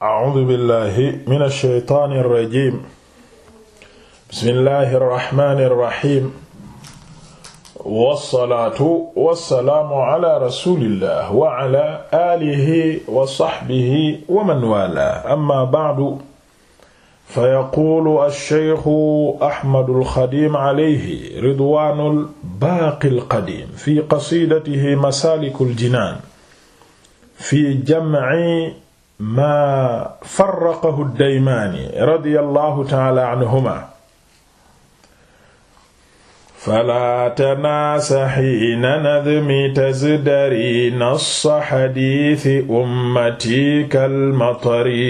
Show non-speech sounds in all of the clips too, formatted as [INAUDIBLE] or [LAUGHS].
A'uuzu billaahi mina shaytaani rajiim. Bismillaahi rahmaani rahiim. Wassalaatu wassalaamu ala rasuulillaah wa ala aalihi wa sahbihi wa man waalaahu. Ammaa ba'du. Fayaquulu ash-shaykhu Ahmadul Xadiim alayhi ridwaanul baaqil qadiim fi qasiidatihi masaalikul jinaan fi jam'i maa farraqahu daymaani radiyallahu taala anhuma falaa tanaasa xiina nadmi tazdari nassa xadiisi ummati kalmatari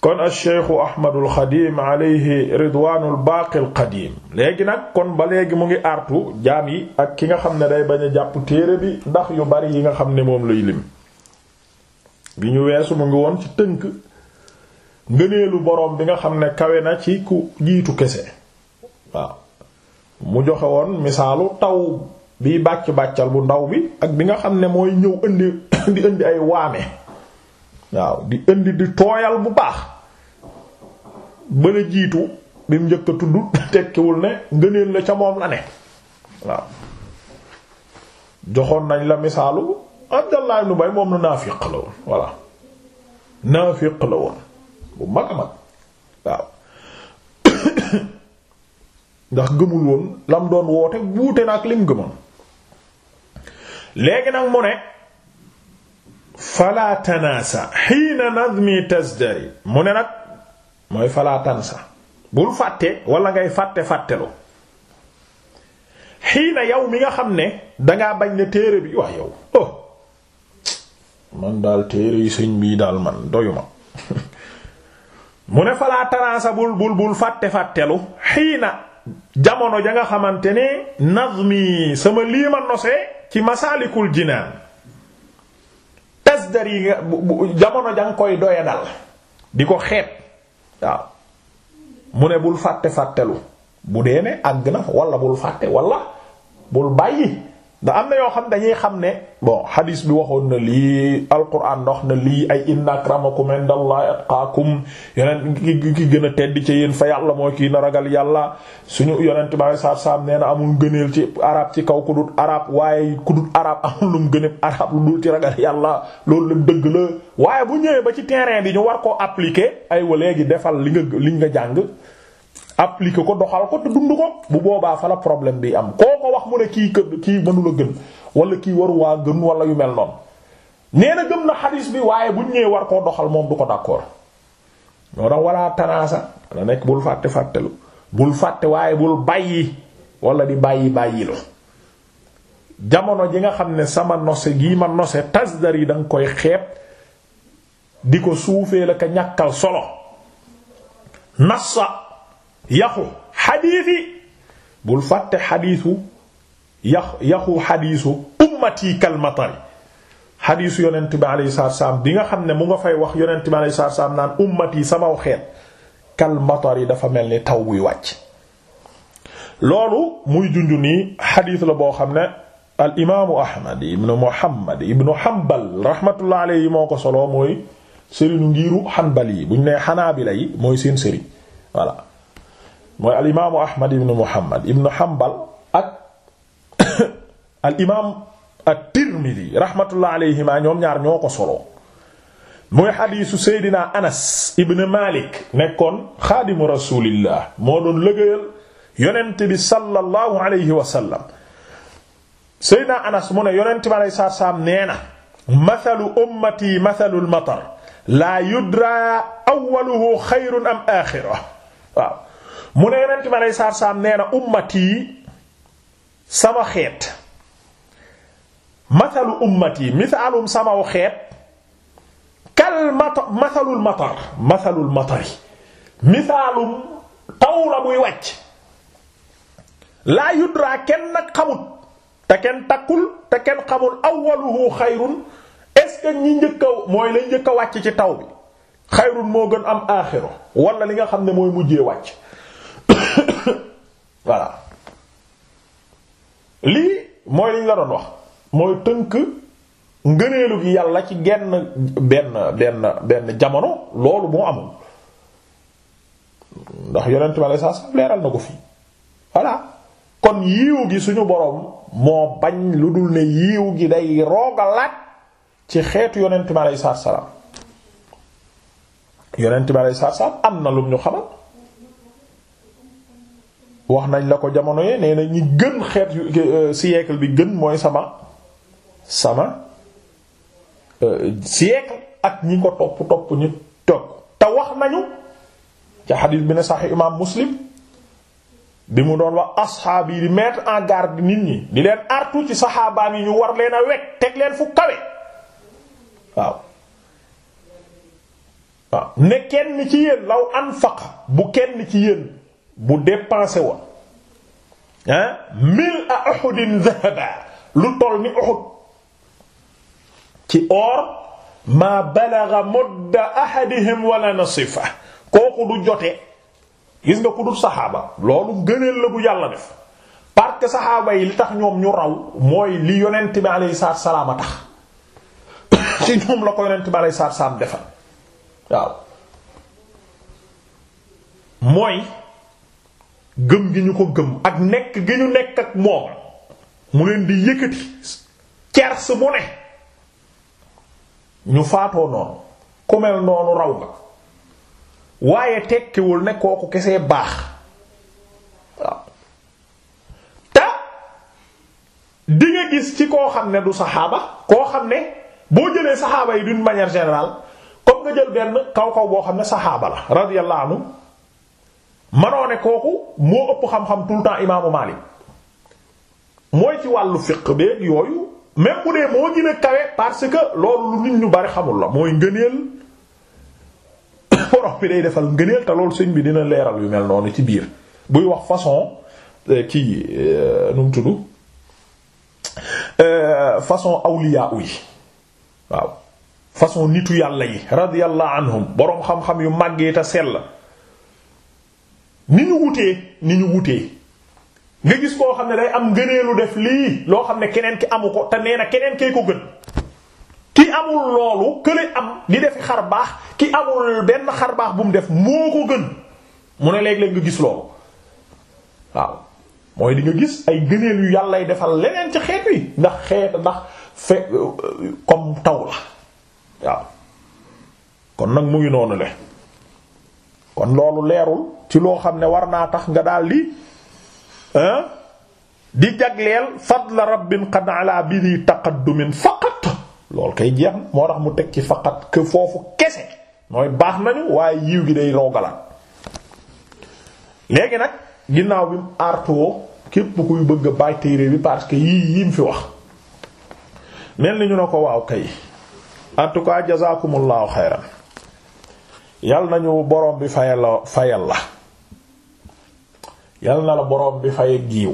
kon alcheikhu ahmadul xadim alayhi ridwanul baaqil qadim léegi nag kon ba léegi mu ngi artu jaam yi ak ki nga xam ne day bañ a jàpp téere bi ndax yu bari yi nga xam ne moom lay lim bi ñu weesu mu ngi woon ci tënk ngëneelu boroom bi nga xam ne kawe na ci ku jiitu kese waaw mu joxe woon misaalu taw bi bàcc-bàccal bu ndaw bi ak bi nga xam ne mooy ñëw indi [COUGHS] di indi ay waame waaw di indi di tooyal bu baax bala jiitu bi mu njëkk a tudd tekkiwul ne ngëneel la ca moom la ne waaw joxoon nañ la misaalu Abdallah ibn Ubay moom na naafiq la woon voilà naafiq la woon bu mag mag waaw [COUGHS] ndax gëmul woon lam doon woote wuute na ak lim gëmoon léegi nag mu ne fala tanaasa xiina nadmi tasdari mu ne nag mooy falaa tansa bul fàtte wala ngay fàtte fàttelu xiina yow mi nga xam ne dangaa bañ ne téere bi wax yow oh man daal téere yi sëñ bii daal man doyuma [LAUGHS] mu ne falaa bul bul fàtte fàttelu xiina jamono ja nga xamante ne nazmi sama lii ma nosee ci masaalikul jinaan tasdar yi nga jamono ja nga koy doya dal di ko xeet waaw mu ne bul fàtte fàttelu bu dee ne àgg na wala bul fàtte wala bul bàyyi ndax am na yoo xam dañuy xam ne bon hadis bi waxoon na lii alquran ndox na lii ay inna akramakum indallahi atqaakum yeneen ki ki gën a tedd ci yéen fa yàlla mooy kii na ragal yàlla suñu yonent ba saab saab nee amul gëneel ci arab ci kaw ku dut waaye ku dut arab [LAUGHS] amul lum gëneel arab lu dul ci ragal yàlla loolu la dëgg la waaye bu ñëwee ba ci terrain bi ñu war koo appliquer ay wa léegi defal li nga li nga jàng appliquer ko doxal ko dund ko bu boobaa fa problème bi am mu ne kii këdd kii mënula gën wala kii waru waa gën wala yu mel noonu nee na gëm na xadiis bi waaye buñ ñëwee war koo doxal moom du ko d'accord moo tax walla tanaasa nekk bul fàtte fàttelu bul fàtte waaye bul bàyyi wala di bàyyi bàyyi lo jamono ji nga xam ne sama nose gii ma nose tasdar yi danga koy xeeb di ko suufee la ka ñàkkal solo nassa yaxu xadiis bul fàtte xadiisu yax yaxu xadiisu ummati kalmatari xadiisu yonent bi alayhi salaatu salaam bi nga xam ne mu nga fay wax yonent bi alayhi salaatu salaam naan ummati samaw xeet kalmatari dafa mel ni taw buy wàcc loolu muy junju nii xadiis la boo xam ne al imaamu ahmad ibnu muhammad ibnu hanbal ko solo mooy sëriñu ngiiru hanbal yi bu ñu nee xanaabila yi al imaam at-Tirmidhi rahmatullah alayhima ñoom ñaar ñoo ko soloo muy xadiisu Seydina Anas ibn Malik nekkoon xaadimu rasulillah moo doon lëgëyal yonent bi alayhi wa Seydina Anas mu ne yonent bi alayhi salaam nee na mathalu ummati mathalul matar laa yudra awwaluhu am aaxira mu ne yonent bi alayhi salaam nee na sama xeet masalu ummati misaalum samaw xeet kal mata masalul matar masalul matari misaalum taw la muy wàcc laa yudraa kenn nag xamut te kenn takkul te kenn xamul awwaluhu xayrun est ñi njëkk a mooy lay njëkk wàcc ci taw bi xayrun moo gën am aaxiro wala li nga xam ne mooy mujjee wàcc [COUGHS] voilà lii mooy liñ la doon wax mooy tënk ngëneelu gi yàlla ci genn benn benn benn jamono loolu moo amul ndax yonent bi alayhi salaam leeral na ko fii voilà kon yiw gi suñu boroom moo bañ lu dul ne yiw gi day roogalaat ci xeet yonent bi alayhi salaam yonent bi alayhi salaam am na lum ñu xamal wax nañ la ko jamono yee nee na ñi gën xeet euh, siècle bi gën mooy sama sama euh, siècle ak ñi ko topp topp ñu toog te wax nañu ci xadiis bi ne saxi imaam muslim bi mu doon wax asxaab yi di mettre en garde nit ñi di leen artu ci saxaabaam yi ñu war leen a wekk teg leen fu kawe waaw waaw ne kenn ci yéen law anfaqa bu kenn ci yéen bu dépensé woon ah mil a Uhudin zahaba lu toll ni Uhud ci or maa balagha mudda ahadihim wala nasifa kooku du jote gis nga ku dul saxaaba loolu gëneel la bu yàlla def parce saxaaba yi li tax ñoom ñu raw mooy li yonent bi alayhi salaam a tax [COUGHS] ci ñoom la ko yonent bi alayhi salaam defal waaw mooy gëm gi ñu ko gëm ak nekk gi ñu nekk ak moom mu leen di yëkkati cers mu ne ñu faatoo noonu ku mel noonu raw nga waaye tekkiwul ne kooku kese baax waaw te di nga gis ci koo xam ne du saxaaba koo xam ne boo jëlee saxaaba yi d'une manière générale comme nga jël benn kaw kaw boo xam ne saxaaba la radiyallahu anhu manoo kooku moo ëpp xam-xam tout le temps imaamu Maalik mooy ci wàllu fiqh beek yooyu même bu dee moo gën kawe parce que loolu nit ñu bari xamul la mooy ngëneel [COUGHS] borom bi day defal ngëneel te loolu sëñ bi dina leeral yu mel noonu ci biir buy wax façon euh, kii euh, nu mu tudd euh, façon awliya yi waaw façon nitu yàlla yi radiyallahu anhum boroom xam-xam yu màggee te sell ni ñu wutee ni ñu wutee nga gis koo xam ne day am ngëneelu def lii loo xam ne keneen ki amu ko te nee na keneen kee ko gën ki amul loolu kële am di def xar baax ki amul benn xar baax bu mu def moo ko gën mu ne léeg-léeg nga gis loolu waaw mooy di gis ay ngëneel yu yàllay defal leneen ci xeet wi ndax xeet ndax fe comme taw la waaw kon nag mu ngi noonu le kon loolu leerul ci loo xam ne war naa tax nga daal li di jagleel fadla rabbin qad ala bidi taqaddumin faqat loolu kay jeex moo tax mu teg ci faqat que foofu kese mooy baax nañu waaye yiw gi day rogalaat léegi nag ginnaaw bi mu aartoo képp kuy bëgg a bàyyi téere bi parce que yii yim fi wax mel ni ñu ne ko waaw kay en tout cas jazakumullahu xayran nañu borom bi fayal la fayal la yal na la boroom bi fay giiw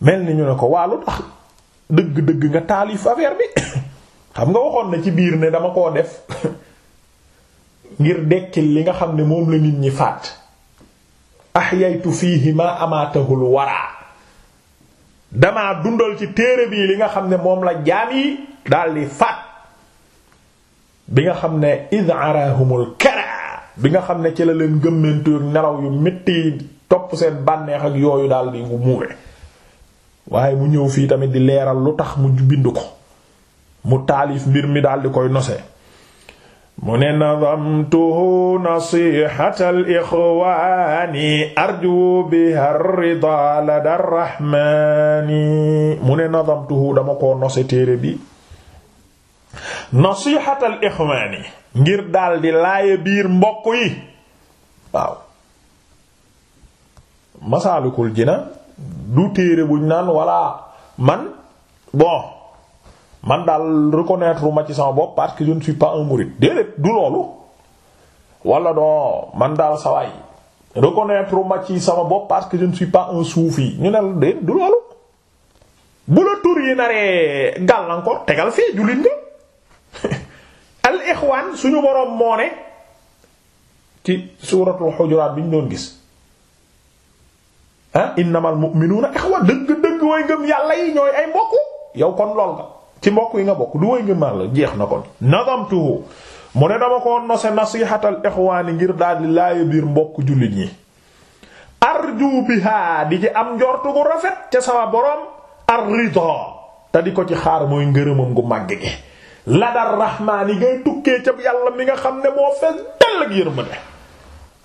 mel nañu ne ko waa lu tax dëgg-dëgg nga taalif affaire bi [COUGHS] xam nga waxoon na ci biir ne dama koo def [COUGHS] ngir dekkil li nga xam ne moom la nit ñi faat ahyaytu fiihi ma amatahul waraa damaa dundal ci téere bii li nga xam ne moom la jaam yi daldi faat bi nga xam ne id arahumul kara bi nga xam ne ci la leen gëmmantu nelaw yu metti topp seen bànneex ak yooyu daal ngu muure waaye mu ñëw fii tamit di leeral lu tax mu bind ko mu taalif mbir mi daldi di koy nose mu ne nadamtuhu nasihata al ixwaani arju biha rida rahmaani mu ne nadamtuhu dama koo nose téere bi nasihata al ixwaani ngir daal di biir mbokk yi waaw masaalikul jina du téere buñ naan walla man bon man daal reconnaître ma ci sama bopp parce que je ne suis pas un mouride déedéet du loolu wala don man daal sawaay reconnaître ma ci sama bopp parce que je ne suis pas un soufi ñu ne la déedéet du loolu bu la tur yi naree gàllankoor tegal fee jullit nga [LAUGHS] al ixwaan suñu boroom moo ne ci suuratul xujuraat bi ñu doon gis ah innamal mu'minuuna ixwa dëgg dëgg way ngëm yàlla yi ñooy ay mbokk yow kon lool nga ci mbokk yi nga bokk du way ngëm yàlla jeex na kon nadamtuhu mu ne dama ko nose nasihatal ixwaani ngir daal di laaya biir mbokk jullit ñi arju biha di ci am njortu bu rafet ca sama boroom ar-rida te di ko ci xaar mooy ngërëmam gu màgg gi ladar rahmaan yi ngay tukkee ca yàlla mi nga xam ne moo fees dell ak yërmande